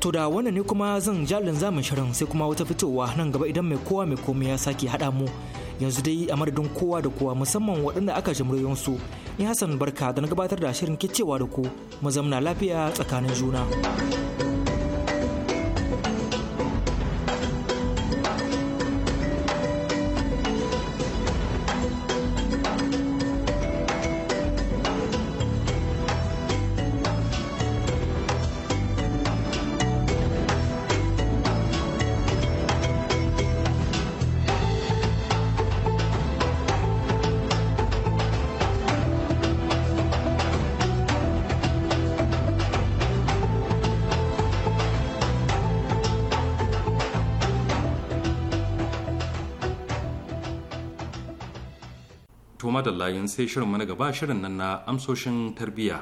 To da wannan ne kuma zan jalin zamin shirin sai kuma wata fitowa nan gaba idan mai kowa mai komai ya sake haɗa mu. Yanzu dai a madadin kowa da kowa musamman waɗanda aka jamuriyon su. Ni Hassan Barka da na gabatar da shirin kicewa da ku mu zamna lafiya tsakanin juna. layin sai shirin mana gaba shirin nan na amsoshin tarbiyya.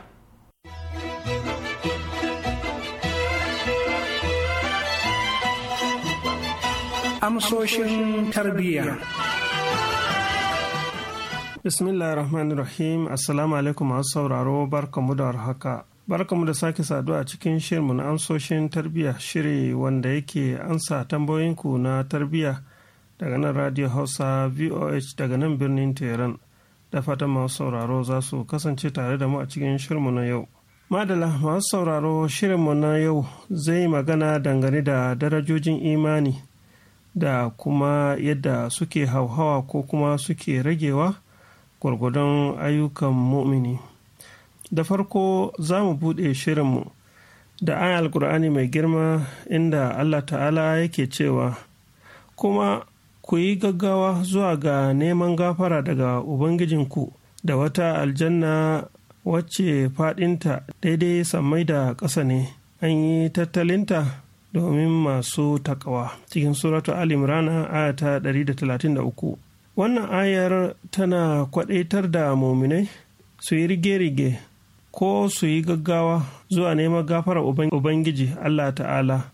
Amsoshin tarbiyya. Bismillah ar-Rahman rahim Assalamu alaikum masu sauraro barkamu da warhaka. Barkamu da sake saduwa a cikin shirinmu na amsoshin tarbiyya shiri wanda yake ansa tambayoyinku na tarbiyya daga nan Radio Hausa VOH daga nan birnin Tehran. da fatan masu sauraro za su kasance tare da mu a cikin shirinmu na yau. Madala masu sauraro shirinmu na yau zai magana dangane da darajojin imani da kuma yadda suke hauhawa ko kuma suke ragewa gwargwadon ayyukan mumini. Da farko za mu buɗe shirinmu da ayan alkur'ani mai girma inda Allah ta'ala yake cewa kuma ku yi gaggawa zuwa ga neman gafara daga ubangijinku da wata aljanna wacce faɗinta daidai sammai da ƙasa ne an yi tattalinta domin masu takawa cikin suratu alimrana aya ta 133 wannan ayar tana kwaɗaitar da muminai su yi rige-rige ko su yi gaggawa zuwa neman gafara ubangiji allah ta'ala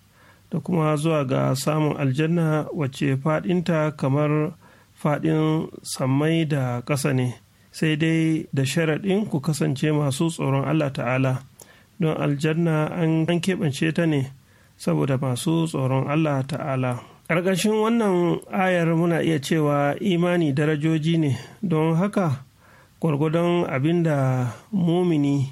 da kuma zuwa ga samun aljanna wace faɗinta kamar faɗin sammai da ƙasa ne sai dai da sharaɗin ku kasance masu tsoron Allah ta'ala don aljanna an keɓance ta ne saboda masu tsoron Allah ta'ala ƙarƙashin wannan ayar muna iya cewa imani darajoji ne don haka gwargwadon abin da mumini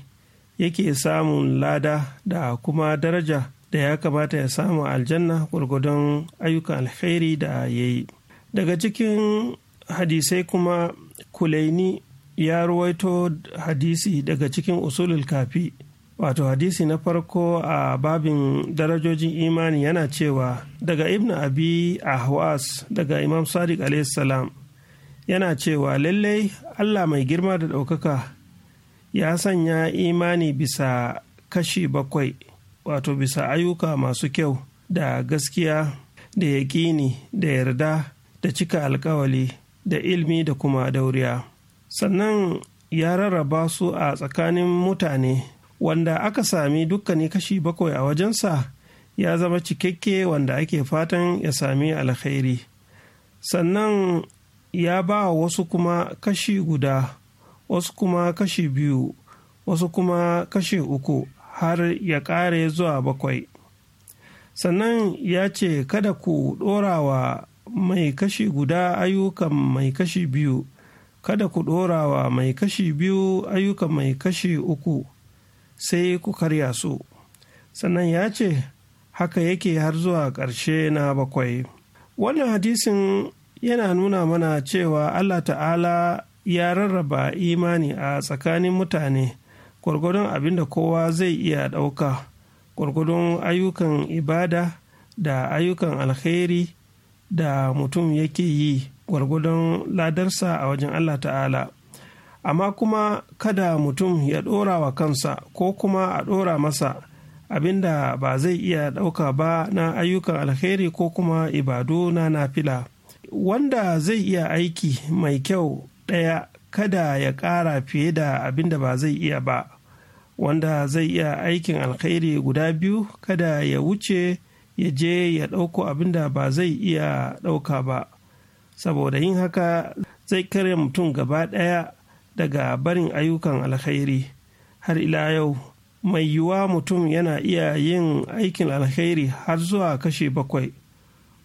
yake samun lada da kuma daraja da ya kamata ya samu aljanna gwargwadon ayyukan alkhairi da ya yi daga cikin hadisai kuma kulaini ya ruwaito hadisi daga cikin usulul kafi wato hadisi na farko a babin darajojin imani yana cewa daga ibn abi ahwas daga imam sadiq salam yana cewa lallai allah mai girma da ɗaukaka ya sanya imani bisa kashi bakwai wato bisa ayyuka masu kyau da gaskiya da yaƙini da yarda da cika alkawali da ilmi da kuma dauriya sannan ya rarraba su a tsakanin mutane wanda aka sami dukkani kashi bakwai a wajensa ya zama cikakke wanda ake fatan ya sami alkhairi sannan ya ba wasu kuma kashi guda wasu kuma kashi biyu wasu kuma kashi uku har ya ƙare zuwa bakwai sannan ya ce kada ku ɗorawa mai kashi guda ayyukan mai kashi biyu kada ku ɗorawa mai kashi biyu ayyukan mai kashi uku sai ku karya su sannan ya ce haka yake har zuwa ƙarshe na bakwai wannan hadisin yana nuna mana cewa allah ta'ala ya rarraba imani a tsakanin mutane gwargwadon abin da kowa zai iya ɗauka gwargwadon ayyukan ibada da ayyukan alkhairi da mutum yake yi gwargwadon ladarsa a wajen allah ta'ala amma kuma kada mutum ya ɗora wa kansa ko kuma a ɗora masa abin da ba zai iya ɗauka ba na ayyukan alkhairi ko kuma ibadu na nafila wanda zai iya aiki mai kyau ɗaya kada ya ƙara fiye da abin da ba zai iya ba wanda zai iya aikin alkhairi guda biyu kada ya wuce ya je ya ɗauko abin da ba zai iya ɗauka ba saboda yin haka zai karya mutum gaba ɗaya daga barin ayyukan alkhairi har ila yau mai yiwuwa mutum yana iya yin aikin alkhairi har zuwa kashe bakwai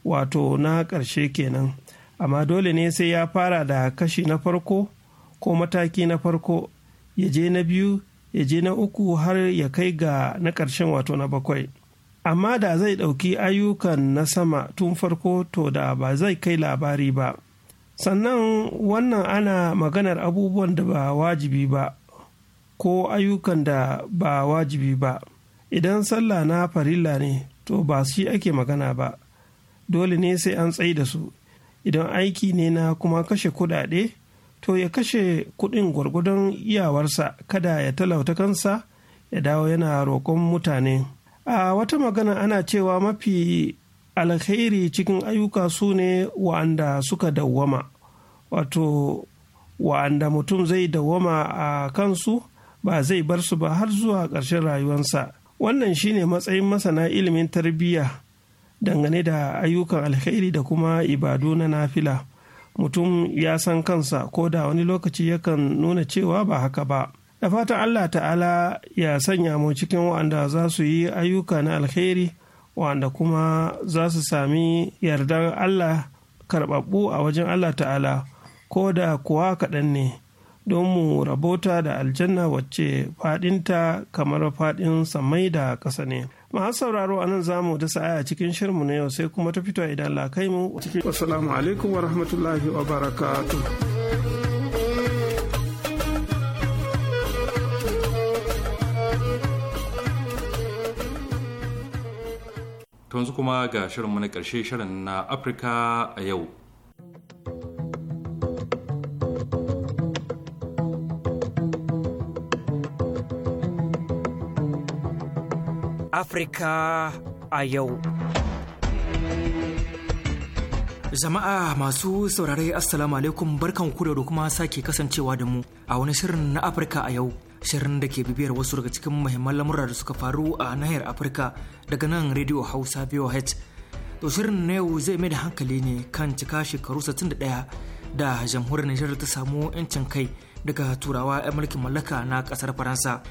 wato na ƙarshe kenan amma dole ne sai ya fara da kashi na farko ko mataki na farko ya je na biyu ya je na uku har ya kai ga na ƙarshen wato na bakwai amma da zai ɗauki ayyukan na sama tun farko to da ba zai kai labari ba sannan wannan ana maganar abubuwan da ba wajibi ba ko ayyukan da ba wajibi ba idan sallah na farilla ne to ba shi ake magana ba dole ne sai an tsai da su idan aiki ne na kuma kashe kuɗaɗe. to ya kashe kuɗin gwargwadon iyawarsa kada ya talauta kansa ya dawo yana roƙon mutane a wata magana ana cewa mafi alkhairi cikin ayyuka su ne wa'anda suka dawwama wato wa'anda mutum zai dawwama a kansu ba zai bar su ba har zuwa ƙarshen rayuwarsa wannan shine matsayin masana ilimin tarbiyya dangane da ayyukan alkhairi da kuma ibadu na nafila. mutum ya san kansa ko da wani lokaci yakan nuna cewa ba haka ba da fatan allah ta'ala ya sanya mu cikin wa'anda za su yi ayyuka na alkhairi wa'anda kuma za su sami yardar allah karɓaɓɓu a wajen allah ta'ala ko da kuwa kaɗan ne don mu rabota da aljanna wacce faɗinta kamar faɗin samai da ƙasa ne masu sauraro a nan zamu da sa'a cikin shirinmu na yau sai kuma ta fito idan lakai kai mu cikin assalamu alaikum wa rahmatullahi wa barakatu. yanzu kuma ga shirinmu na ƙarshe shirin na afirka a yau Afirka a yau. Jama'a masu saurare Assalamu alaikum barkan ku da kuma sake kasancewa da mu a wani shirin na Afirka a yau. Shirin da ke bibiyar wasu daga cikin muhimman lamura da suka faru a nahiyar Afirka daga nan Radio Hausa VOH. To shirin na yau zai mai da hankali ne kan cika shekaru 61 da jamhuriyar Nijar ta samu 'yancin kai daga turawa 'yan mulkin mallaka na kasar Faransa.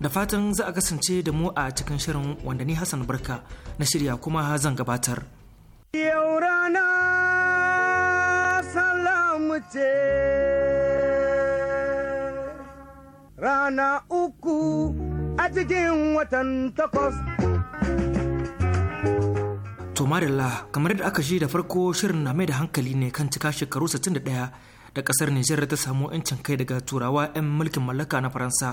da fatan za a kasance da mu a cikin shirin wanda ni Hassan Barka na shirya kuma zan gabatar. Yau rana salamu ce rana uku a cikin watan takwas. To kamar da aka shi da farko shirin na mai da hankali ne kan cika shekaru 61 da kasar Nijar ta samu 'yancin kai daga turawa 'yan mulkin mallaka na Faransa.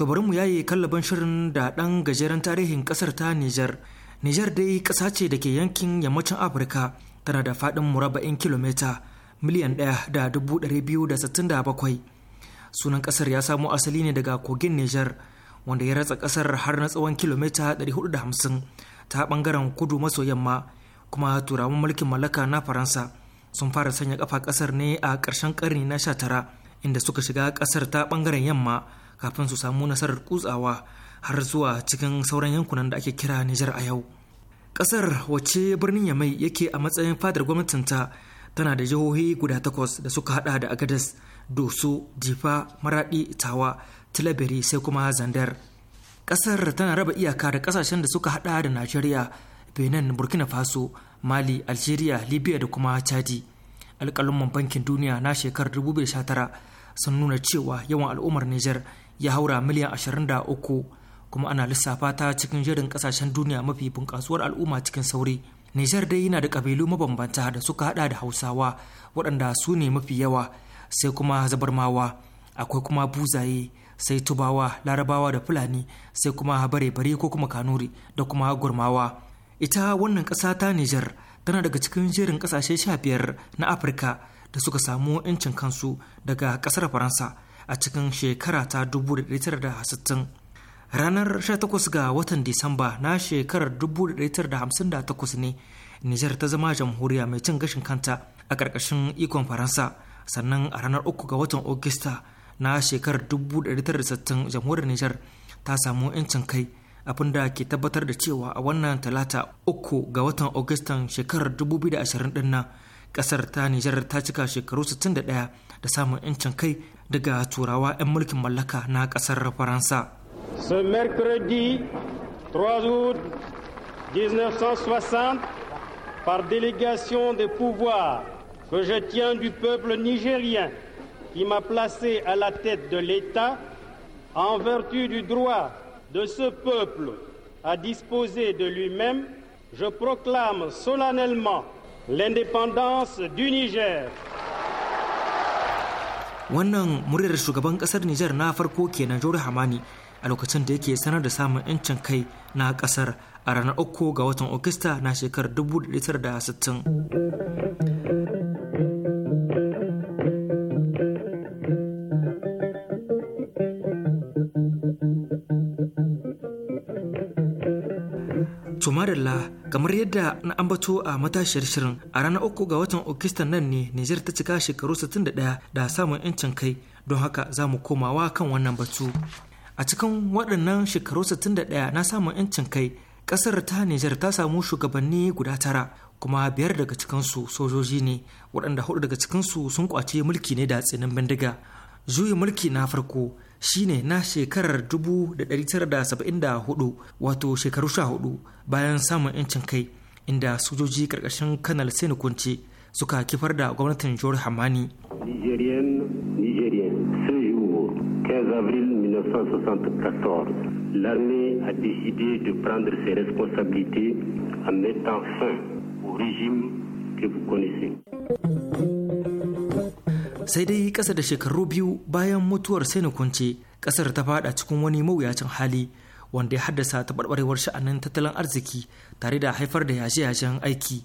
To bari mu yaye kallaban shirin da ɗan gajeren tarihin ƙasar ta Nijar. Nijar dai ƙasa ce da ke yankin yammacin Afirka tana da faɗin murabba'in kilomita miliyan ɗaya da dubu ɗari biyu Sunan ƙasar ya samo asali ne daga kogin Nijar wanda ya ratsa ƙasar har na tsawon kilomita ɗari hamsin ta ɓangaren kudu maso yamma kuma turawan mulkin mallaka na Faransa sun fara sanya ƙafa ƙasar ne a ƙarshen ƙarni na sha tara inda suka shiga ƙasar ta ɓangaren yamma kafin su samu nasarar kutsawa har zuwa cikin sauran yankunan da ake kira Nijar a yau. Ƙasar wacce birnin Yamai yake a matsayin fadar gwamnatinta tana da jihohi guda takwas da suka hada da Agadas, Doso, Jifa, Maradi, Tawa, Tilaberi sai kuma Zandar. Ƙasar tana raba iyaka da ƙasashen da suka hada da Najeriya, Benin, Burkina Faso, Mali, Algeria, Libya da kuma Chadi. Alƙalumman Bankin Duniya na shekarar 2019 sun nuna cewa yawan al'ummar Nijar ya haura miliyan 23 kuma ana lissafa ta cikin jerin kasashen duniya mafi bunƙasuwar al'umma cikin sauri Nijar dai yana da ƙabilu mabambanta da suka haɗa da Hausawa waɗanda su ne mafi yawa sai kuma zabarmawa akwai kuma buzaye sai tubawa larabawa da fulani sai kuma bare-bare ko kuma kanuri da kuma gurmawa ita wannan ƙasa ta Nijar tana daga cikin jerin ƙasashe sha biyar na Afirka da suka samu 'yancin kansu daga ƙasar Faransa a cikin shekara ta 1960 ranar 18 ga watan disamba na shekarar 1958 ne nijar ta zama jamhuriya mai cin gashin kanta a ƙarƙashin ikon faransa sannan a ranar 3 ga watan ogista na shekarar 1960 jamhuriyar nijar ta samu 'yancin kai abin da ke tabbatar da cewa a wannan talata 3 ga watan agustan shekarar 2020 ɗin nan kasar ta nijar ta cika shekaru 61 da samun 'yancin kai ce mercredi 3 août 1960 par délégation des pouvoirs que je tiens du peuple nigérien qui m'a placé à la tête de l'État en vertu du droit de ce peuple à disposer de lui-même, je proclame solennellement l'indépendance du Niger. wannan muryar shugaban kasar Nijar na farko kenan Jori Hamani a lokacin da yake sanar da samun 'yancin kai na kasar a ranar uku ga watan Okista na shekarar 1960. Tumarilla kamar yadda na ambato a matashiyar shirin a ranar uku ga watan okistan nan ne nijar ta cika shekaru 61 da samun 'yancin kai don haka za mu komawa kan wannan batu a cikin waɗannan shekaru 61 na samun 'yancin kai ƙasar ta nijar ta samu shugabanni guda tara kuma biyar daga cikinsu sojoji ne waɗanda hudu daga cikinsu sun kwace mulki ne da tsinin bindiga juyin mulki na farko shine na shekarar 1974 wato shekaru 14 bayan samun 'yancin kai inda sojoji karkashin kanal sani kunce suka kifar da gwamnatin jihar hamani nigerian nigerian sejour 15 avril 1974 l'armée a décidé de prendre ses responsabilités en mettant fin au régime que vous connaissez sai dai ƙasa da shekaru biyu bayan mutuwar sai kunce ƙasar ta fada cikin wani mawuyacin hali wanda ya haddasa taɓarɓarewar sha'anin tattalin arziki tare da haifar da yashe-yashen aiki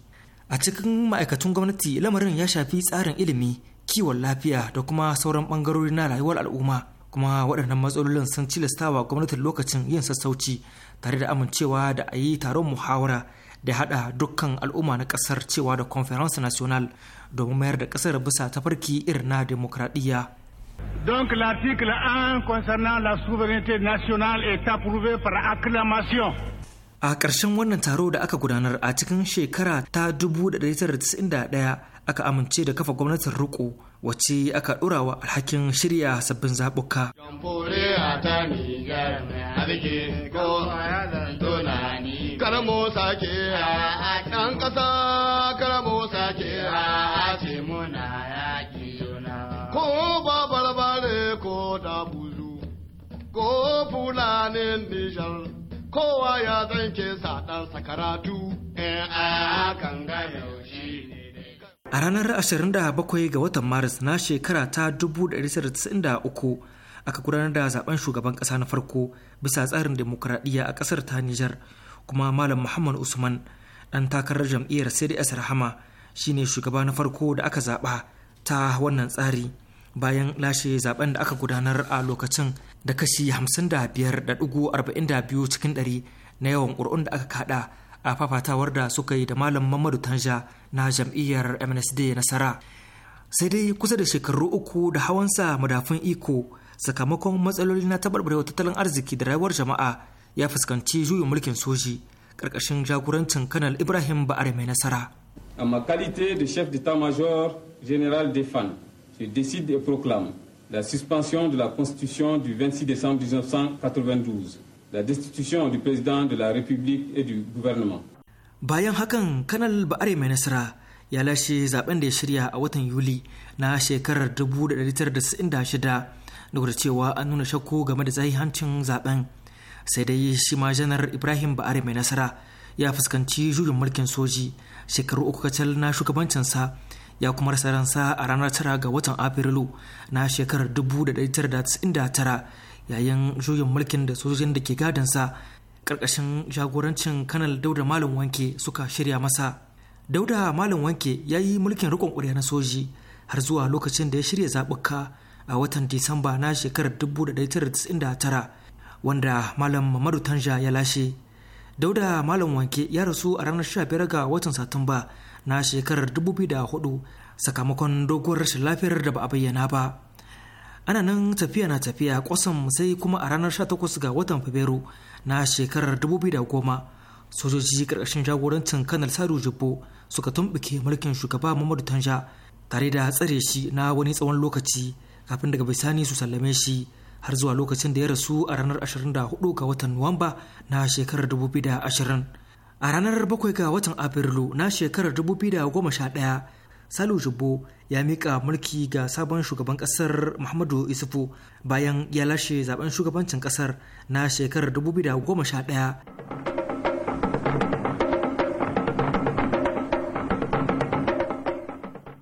a cikin ma'aikatun gwamnati lamarin ya shafi tsarin ilimi kiwon lafiya da kuma sauran ɓangarori na rayuwar al'umma kuma waɗannan matsalolin sun cilastawa gwamnatin lokacin yin sassauci tare da amincewa da a yi taron muhawara da hada dukkan al'umma na kasar cewa da conference national domin mayar da kasar bisa tafarki irin na demokradiyya Donc l'article 1 concernant la souveraineté nationale est approuvé par acclamation. A ƙarshen wannan taro da aka gudanar a cikin shekara ta 1991 aka amince da kafa gwamnatin riko wacce aka ɗora wa alhakin shirya sabbin zaɓuka. karamo sake ɗan ƙasa karamo sake ce muna yaƙi juna ko ba barbare ko da buzu ko ne nijar kowa ya zanke sa ɗan sakaratu eh, a kan ga yaushe A ranar 27 ga watan Maris na shekara ta 1993 aka gudanar da zaben shugaban ƙasa na farko bisa tsarin demokuraɗiyya a ƙasar ta Nijar kuma malam muhammad usman dan takarar jam'iyyar cds rahama shine shugaba na farko da aka zaba ta wannan tsari bayan lashe zaben da aka gudanar a lokacin da kashi 55.42 cikin ɗari na yawan ƙuri'un da aka kada a fafatawar da suka yi da malam mamadu tanja na jam'iyyar msd nasara sai dai kusa da shekaru uku da hawansa madafun iko sakamakon matsaloli na taɓarɓarewa tattalin arziki da rayuwar jama'a ya fuskanci juyin mulkin soji karkashin jagorancin kanal ibrahim ba'ar mai nasara a makalite da de chef d'état-major general defan FAN, je décide et proclame la suspension de la constitution du 26 décembre 1992, la destitution du président de la République et du gouvernement. Bayan hakan kanal ba'are mai nasara ya lashe zaben da ya shirya a watan Yuli na shekarar 1996 da cewa an nuna shakku game da zahihancin zaben sai dai shi ma janar ibrahim ba'ari mai nasara ya fuskanci juyin mulkin soji shekaru uku kacal na shugabancinsa ya kuma rasa ransa a ranar tara ga watan afrilu na shekarar 1999 yayin juyin mulkin da sojojin da ke gadansa karkashin jagorancin kanal dauda malam wanke suka shirya masa dauda malam wanke ya yi mulkin rikon kurya na soji har zuwa lokacin da ya shirya zaɓuka a watan disamba na shekarar 1999 wanda malam mamadu tanja ya lashe dauda malam wanke ya rasu a ranar sha biyar ga watan satumba na shekarar 2004 sakamakon doguwar rashin lafiyar da ba a bayyana ba ana nan tafiya na tafiya kwasan sai kuma a ranar 18 ga watan fabrairu na shekarar da goma sojoji karkashin jagorancin kanal sadu jibbo suka tumbuke mulkin shugaba mamadu tanja tare da tsare shi na wani tsawon lokaci kafin daga bisani su sallame shi har zuwa lokacin da ya rasu a ranar 24 ga watan Nuwamba na shekarar 2020. A ranar 7 ga watan Afrilu na shekarar 2011, Salu Jubbo ya miƙa mulki ga sabon shugaban ƙasar Muhammadu Isufu bayan ya lashe zaben shugabancin ƙasar na shekarar 2011.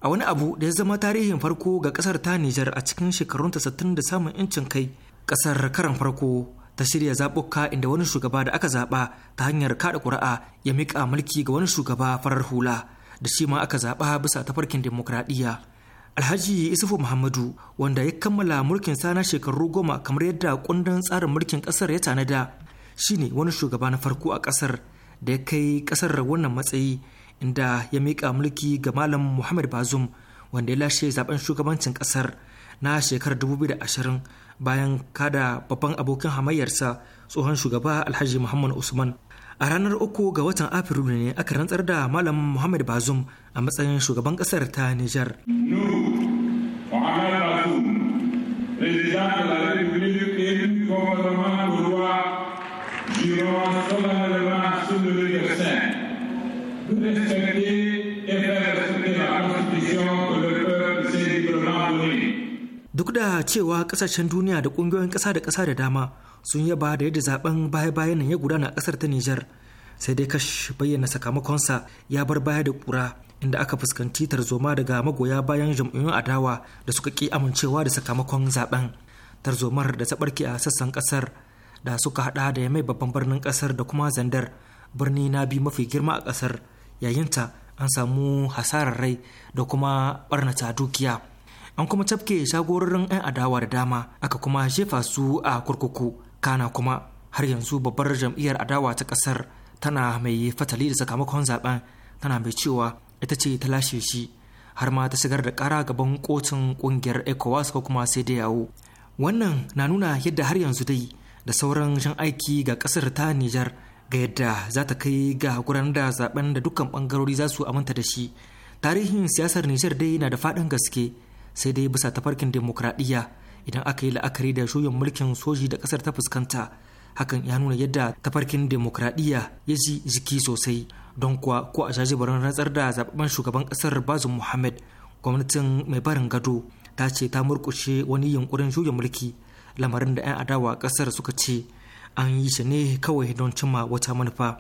a wani abu da ya zama tarihin farko ga kasar ta Nijar a cikin shekarun ta da samun incin kai kasar karan farko ta shirya zaɓuka inda wani shugaba da aka zaɓa ta hanyar kaɗa ƙuri'a ya miƙa mulki ga wani shugaba farar hula da shi ma aka zaɓa bisa ta farkin demokradiyya alhaji isufu muhammadu wanda ya kammala mulkin sana shekaru goma kamar yadda kundin tsarin mulkin ƙasar ya tanada shine wani shugaba na farko a ƙasar da ya kai ƙasar wannan matsayi inda ya miƙa mulki ga malam muhammad bazum wanda ya lashe zaben shugabancin kasar na shekarar 2020 bayan kada babban abokin hamayyarsa tsohon shugaba alhaji muhammad usman a ranar uku ga watan afrilu ne aka rantsar da malam muhammad bazum a matsayin shugaban kasar ta nijar Président de la République élu conformément aux lois roi solennellement sur le Duk da cewa kasashen duniya da kungiyoyin ƙasa da kasa da dama sun yaba da yadda zaben baya-bayan nan ya gudana a ƙasar ta Nijar, sai dai kash bayyana sakamakonsa ya bar baya da ƙura inda aka fuskanci tarzoma daga magoya bayan jam'iyyun adawa da suka ki amincewa da sakamakon zaben tarzomar da ta barke a sassan kasar da suka hada da ya mai babban birnin kasar da kuma zandar birni na biyu mafi girma a kasar yayinta an samu hasarar rai da kuma barnata dukiya an kuma tafke shagororin 'yan adawa da dama aka kuma jefa su a kurkuku kana kuma har yanzu babbar jam'iyyar adawa ta kasar tana mai fatali da sakamakon zaben tana mai cewa ita ce ta lashe shi har ma ta shigar da kara gaban kotun kungiyar ecowas ko kuma sai da yawo wannan na nuna yadda har yanzu dai da sauran shan aiki ga kasar ta nijar ga yadda za ta kai ga gudanar da zaben da dukkan bangarori za su aminta da shi tarihin siyasar nijar dai na da faɗin gaske sai dai bisa tafarkin demokradiyya idan aka yi la'akari da juyin mulkin soji da ƙasar ta fuskanta hakan ya nuna yadda tafarkin demokradiyya ya ji jiki sosai don kuwa ko a baron rantsar da zababben shugaban ƙasar bazu muhammad gwamnatin mai barin gado ta ce ta murkushe wani yunkurin juya mulki lamarin da 'yan adawa ƙasar suka ce an yi shi ne kawai don cimma wata manufa.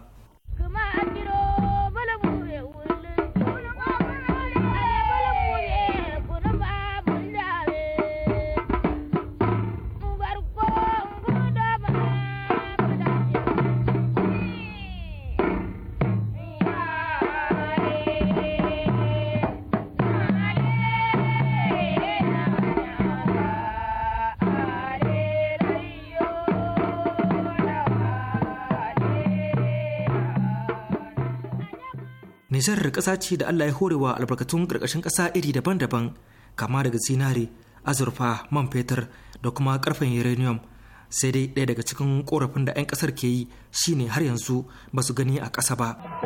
Nijar ƙasa ce da Allah ya wa albarkatun ƙarƙashin ƙasa iri daban-daban kama daga zinari azurfa, man fetur da kuma ƙarfen uranium. Sai dai ɗaya daga cikin korafin da 'yan ƙasar ke yi shine har yanzu ba su gani a ƙasa ba.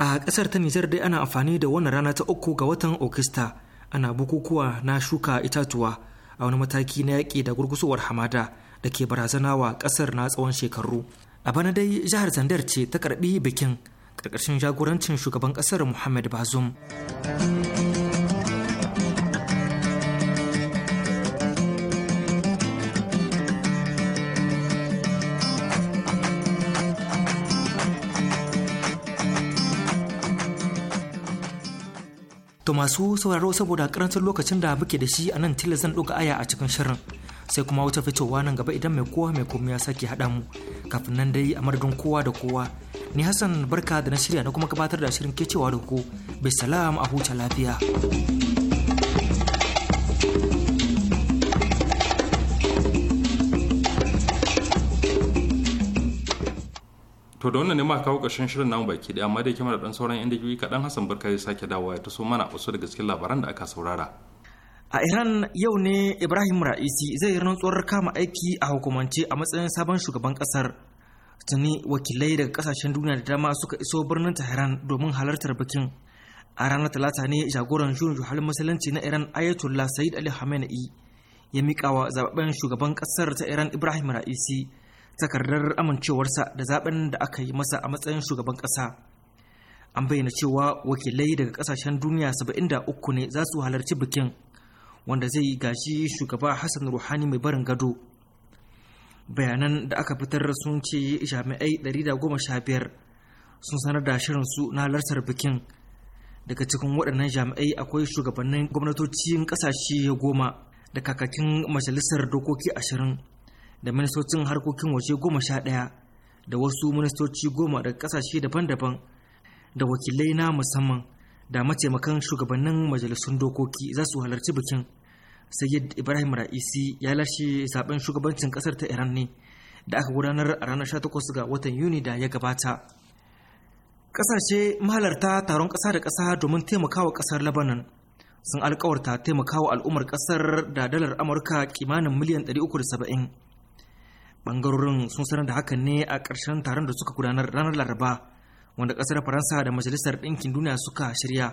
a ƙasar ta nijar dai ana amfani da wannan rana ta uku ga watan okista ana bukukuwa na shuka itatuwa a wani mataki na yaƙi da gurgusowar hamada da ke barazana wa ƙasar na tsawon shekaru a bana dai jihar zandar ce ta karɓi bikin ƙarƙashin jagorancin shugaban ƙasar muhammad bazum To masu sauraro saboda karancin lokacin da muke da shi a nan zan ɗoga aya a cikin shirin sai kuma wata fitowa nan gaba idan mai kowa mai komai ya sake haɗa mu kafin nan dai a madadin kowa da kowa ni Hassan barka da na shirya na kuma gabatar da shirin ke cewa da ku bisalam a huta lafiya. to da wannan ne ma kawo ƙarshen shirin namu baki daya amma dai kima da dan sauran yan dakiyoyi kaɗan hassan barka ya sake dawowa ya taso mana wasu daga cikin labaran da aka saurara a iran yau ne ibrahim ra'isi zai yi rantsuwar kama aiki a hukumance a matsayin sabon shugaban kasar tuni wakilai daga kasashen duniya da dama suka iso birnin tehran domin halartar bikin a ranar talata ne jagoran shirin juhalin musulunci na iran ayatollah said ali khamenei ya miƙa wa zababben shugaban kasar ta iran ibrahim ra'isi takardar amincewarsa da zaben da aka yi masa a matsayin shugaban ƙasa an bayyana cewa wakilai daga ƙasashen duniya 73 ne za su halarci bikin wanda zai yi gashi shugaba hassan ruhani mai barin gado bayanan da aka fitar sun ce jami'ai 115 sun sanar da shirinsu na halartar bikin daga cikin waɗannan jami'ai akwai shugabannin gwamnatocin ƙasashe goma da kakakin majalisar dokoki ashirin da ministocin harkokin waje goma sha ɗaya da wasu ministoci goma daga ƙasashe daban-daban da wakilai na musamman da mataimakan shugabannin majalisun dokoki za su halarci bikin sayyid ibrahim ra'isi ya lashe zaben shugabancin ƙasar ta iran ne da aka gudanar a ranar sha 18 ga watan yuni da ya gabata ƙasashe mahalarta taron ƙasa da ƙasa domin taimakawa ƙasar lebanon sun alkawarta taimakawa al'ummar ƙasar da dalar amurka kimanin miliyan saba'in. bangarorin sun sanar da hakan ne a ƙarshen taron da suka gudanar ranar laraba wanda ƙasar faransa da majalisar ɗinkin duniya suka shirya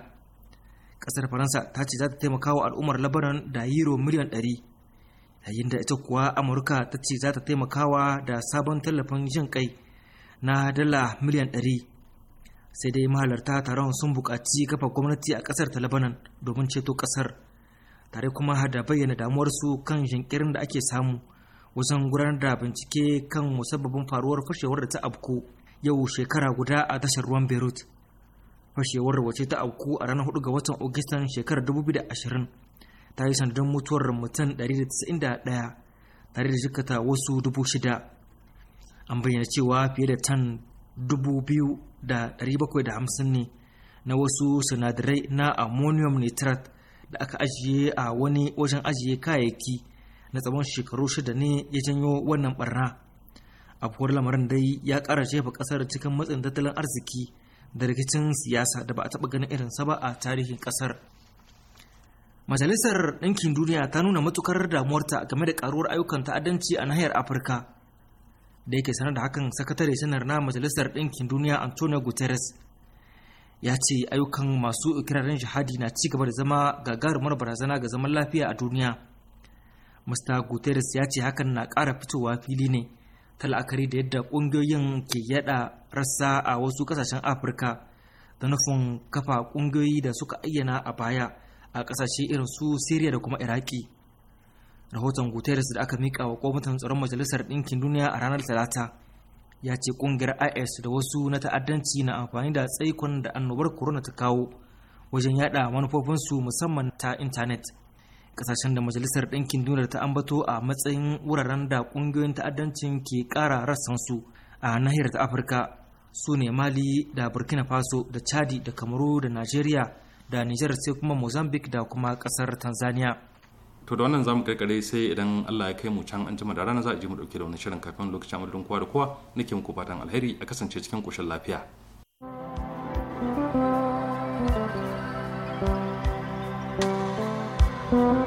ƙasar faransa ta ce za ta taimaka wa al'ummar labaran da euro miliyan ɗari yayin da ita kuwa amurka ta ce za ta taimakawa da sabon tallafin jin kai na dala miliyan ɗari sai dai mahalarta taron sun buƙaci kafa gwamnati a ƙasar ta labanan domin ceto ƙasar tare kuma da bayyana damuwar su kan jinkirin da ake samu wajen gudanar da bincike kan musabbabin faruwar fashewar da ta afku yau shekara guda a tashar ruwan beirut fashewar wace ta afku a ranar 4 ga watan agustan shekarar 2020 ta yi sanadin mutuwar mutum 191 tare da jikata wasu 6,000 an bayyana cewa fiye da tan 2,750 ne na wasu sinadarai na ammonium nitrate da aka ajiye a wani wajen ajiye kayayyaki na tsawon shekaru shida ne ya janyo wannan barna afuwar lamarin dai ya kara jefa kasar cikin matsin tattalin arziki da rikicin siyasa da ba a taɓa ganin irinsa ba a tarihin ƙasar majalisar ɗinkin duniya ta nuna matukar damuwarta game da karuwar ayyukan ta'addanci a nahiyar afirka da yake sanar da hakan sakatare sanar na majalisar ɗinkin duniya antonio guterres ya ce ayyukan masu ikirarin jihadi na ci gaba da zama gagarumar barazana ga zaman lafiya a duniya Mr. Guterres ya ce hakan na ƙara fitowa fili ne ta la'akari da yadda ƙungiyoyin ke yada rassa a wasu ƙasashen Afirka da nufin kafa ƙungiyoyi da suka ayyana a baya a ƙasashe irin su Siriya da kuma Iraki. Rahoton Guterres da aka miƙa wa kwamitin tsaron Majalisar Ɗinkin Duniya a ranar Talata ya ce ƙungiyar IS da wasu na ta'addanci na amfani da tsaikon da annobar corona ta kawo wajen yada manufofinsu musamman ta intanet. kasashen da majalisar ɗinkin duniya ta ambato a matsayin wuraren da ƙungiyoyin ta'addancin ke ƙara rassansu a nahiyar ta afirka su ne mali da burkina faso da chadi da kamaru da nigeria da niger sai kuma mozambique da kuma ƙasar tanzania to da wannan zamu karkare sai idan allah ya kai mu can an jima da rana za a je mu dauke da wani shirin kafin lokacin amurdin kowa da kowa nake muku fatan alheri a kasance cikin koshin lafiya thank you